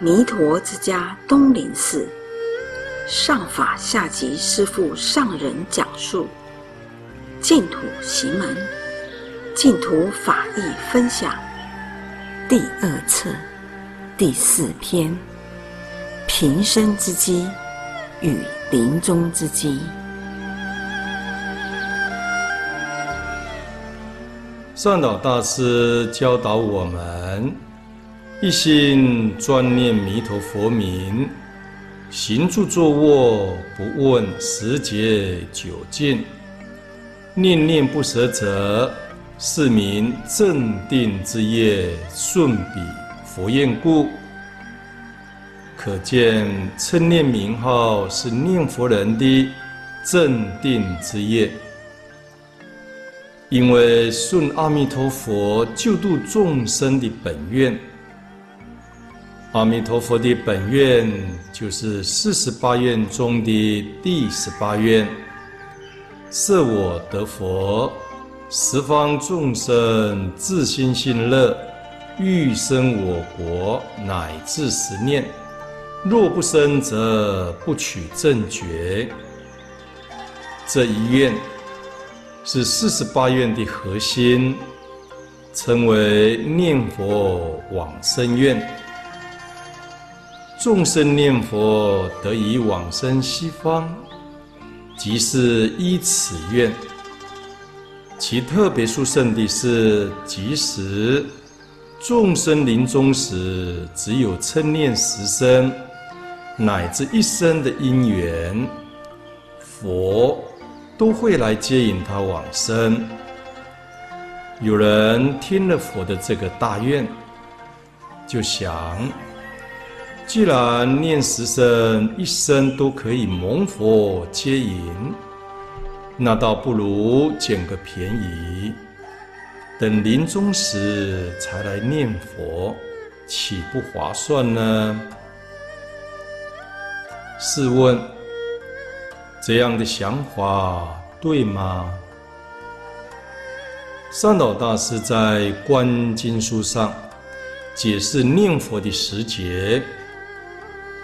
彌陀之家東林寺上法下寂師父上人講述《淨土行門》淨土法義分享第二冊第四篇：平生之機與臨終之機。善導大師教導我們。一心專念彌陀佛名，行住坐臥，不問時節久近，念念不舍者，是名正定之業，順彼佛願故。可見稱念名號是念佛人的正定之業，因為順阿彌陀佛救度眾生的本願。阿彌陀佛的本願就是四十八願中的第十八願，設我得佛，十方眾生至心信樂，欲生我國，乃至十念，若不生則不取正覺。這一願是四十八願的核心，稱為念佛往生願。眾生念佛得以往生西方，即是依此願。其特別殊勝的是，即使眾生臨終時只有稱念十聲，乃至一聲的因緣，佛都會來接引他往生。有人聽了佛的這個大願，就想。既然念十聲一生都可以蒙佛接引，那倒不如撿個便宜，等臨終時才來念佛，豈不划算呢？試問這樣的想法對嗎？善導大師在《觀經疏》上解釋念佛的時節。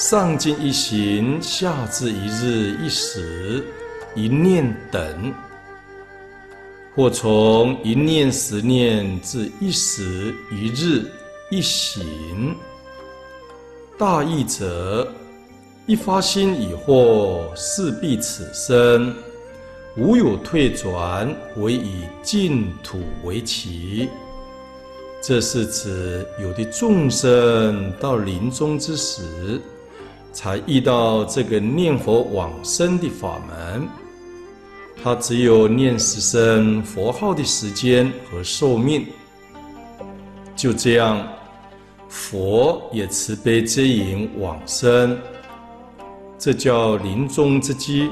上盡一行，下至一日一時一念等；或從一念十念至一時一日一行。大意者，一發心以後，誓畢此生無有退轉，唯以淨土為期。這是指有的眾生到臨終之時，才遇到這個念佛往生的法門，他只有念十聲佛號的時間和壽命。就這樣，佛也慈悲接引往生，這叫臨終之機；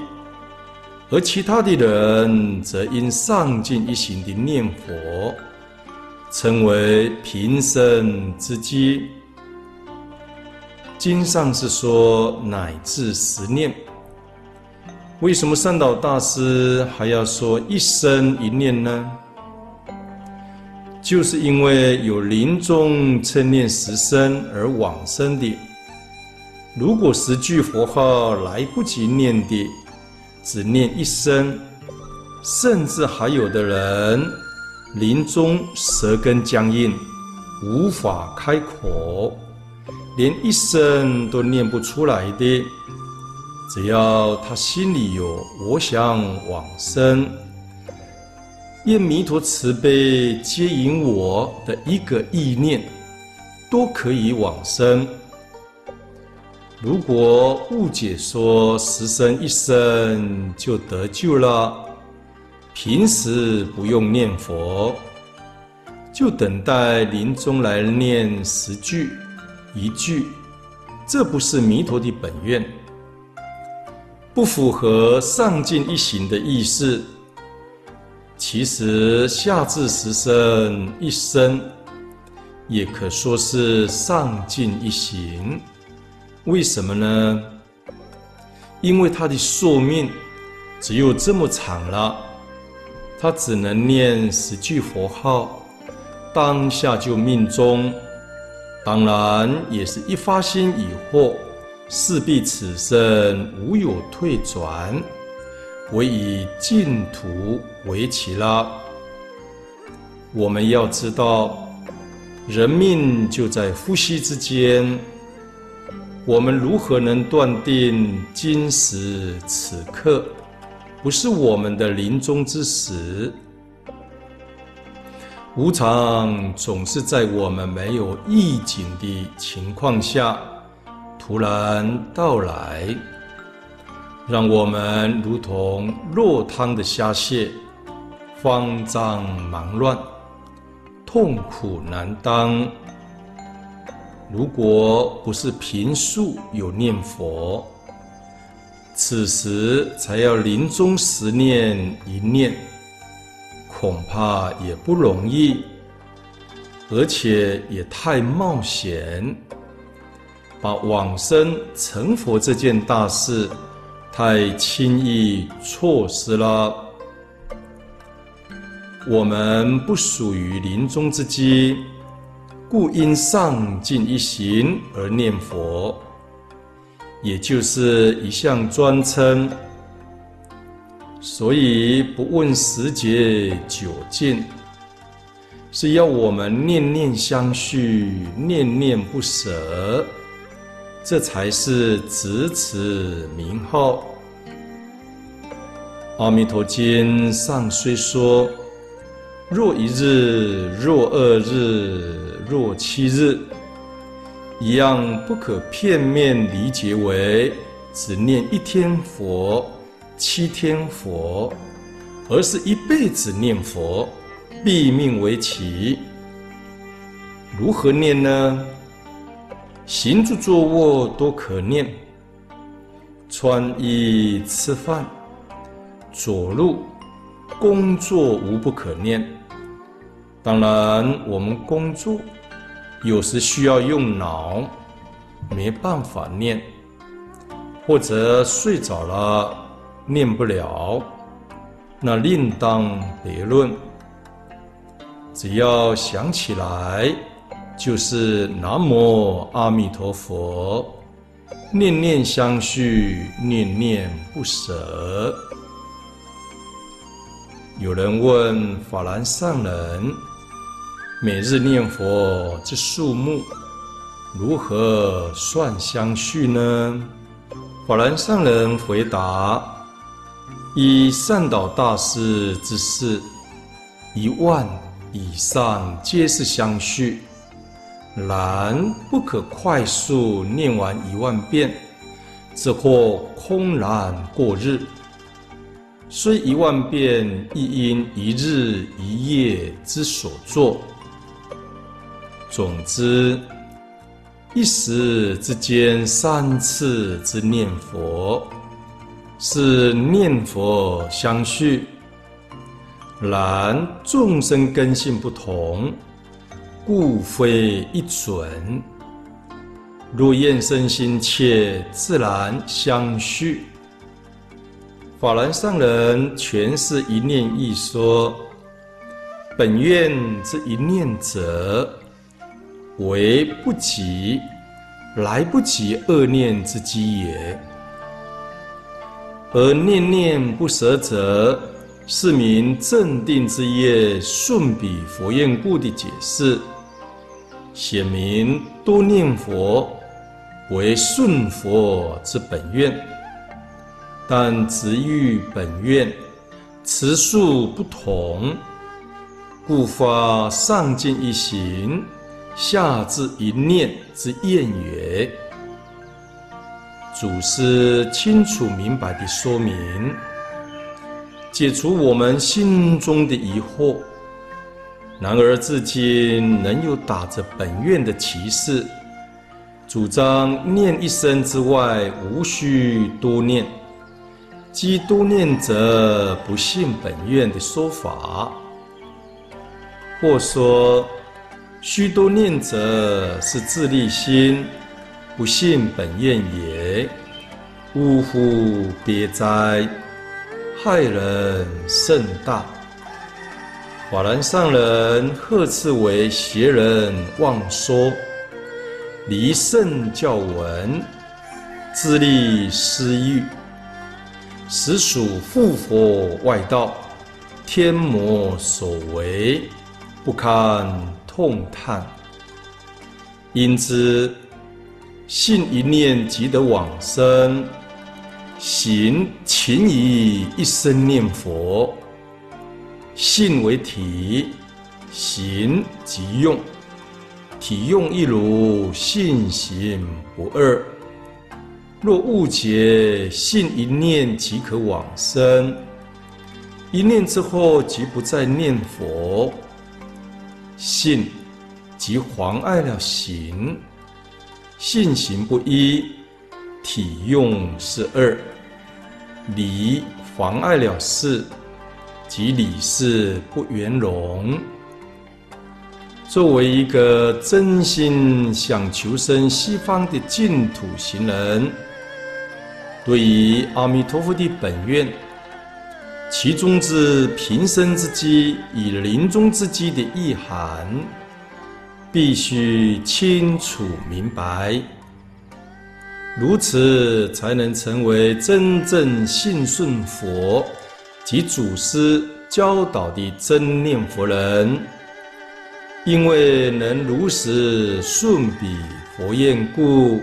而其他的人則因上盡一形的念佛，稱為平生之機。經上是說乃至十念，為什麼善導大師還要說一聲一念呢？就是因為有臨終稱念十聲而往生的，如果十句佛號來不及念的，只念一聲，甚至還有的人臨終舌根僵硬，無法開口。連一聲都念不出來的，只要他心裡有“我想往生”，願彌陀慈悲接引我的一個意念，都可以往生。如果誤解說十聲一聲就得救了，平時不用念佛，就等待臨終來念十句。一句，這不是彌陀的本願，不符合上盡一形的意思。其實下至十聲一聲，也可說是上盡一形。為什麼呢？因為他的壽命只有這麼長了，他只能念十句佛號，當下就命中。當然，也是一發心以後，勢必此生無有退轉，唯以淨土為期了。我們要知道，人命就在呼吸之間。我們如何能斷定今時此刻不是我們的臨終之時？無常總是在我們沒有預警的情況下突然到來，讓我們如同落湯的蝦蟹，慌張忙亂，痛苦難當。如果不是平素有念佛，此時才要臨終時念一念。恐怕也不容易，而且也太冒險，把往生成佛這件大事太輕易錯失了。我們不屬於臨終之機，故因上進一行而念佛，也就是一向專稱。所以不問時節久近，是要我們念念相續，念念不捨，這才是執持名號。《阿彌陀經》上雖說，若一日，若二日，若七日，一樣不可片面理解為只念一天佛。七天佛，而是一輩子念佛，畢命為期。如何念呢？行住坐臥都可念，穿衣吃飯、走路、工作無不可念。當然，我們工作有時需要用腦，沒辦法念，或者睡着了。念不了，那另當別論。只要想起來，就是南無阿彌陀佛，念念相續，念念不捨。有人問法然上人：每日念佛之數目如何算相續呢？法然上人回答。以善導大師之事，一萬以上皆是相續，然不可快速念完一萬遍，只或空然過日。雖一萬遍，亦因一日一夜之所作。總之，一時之間，三次之念佛。是念佛相續，然眾生根性不同，故非一準。若厭身心切，自然相續。法然上人全是一念一說，本願之一念者，為不及、來不及惡念之機也。而念念不捨者，是名正定之業順彼佛願故的解釋，顯明多念佛為順佛之本願，但執於本願，持數不同，故發上盡一形，下至一念之願也。祖師清楚明白的說明，解除我們心中的疑惑。然而，至今仍有打着本願的旗幟，主張念一聲之外無需多念；譏多念者不信本願的說法，或說須多念者是自力心。不信本願也，嗚呼哀哉，害人甚大。法然上人呵斥為邪人妄說，離聖教文，自立私欲，實屬附佛外道，天魔所為，不堪痛嘆。因之。信一念即得往生行，行勤以一生念佛，信為體，行即用，體用一如，信行不二。若誤解，信一念即可往生，一念之後即不再念佛，信即妨礙了行。信行不一，體用是二，理妨礙了事，即理事不圓融。作為一個真心想求生西方的淨土行人，對於阿彌陀佛的本願，其中之平生之機與臨終之機的意涵。必須清楚明白，如此才能成為真正信順佛及祖師教導的真念佛人。因為能如實順彼佛願故。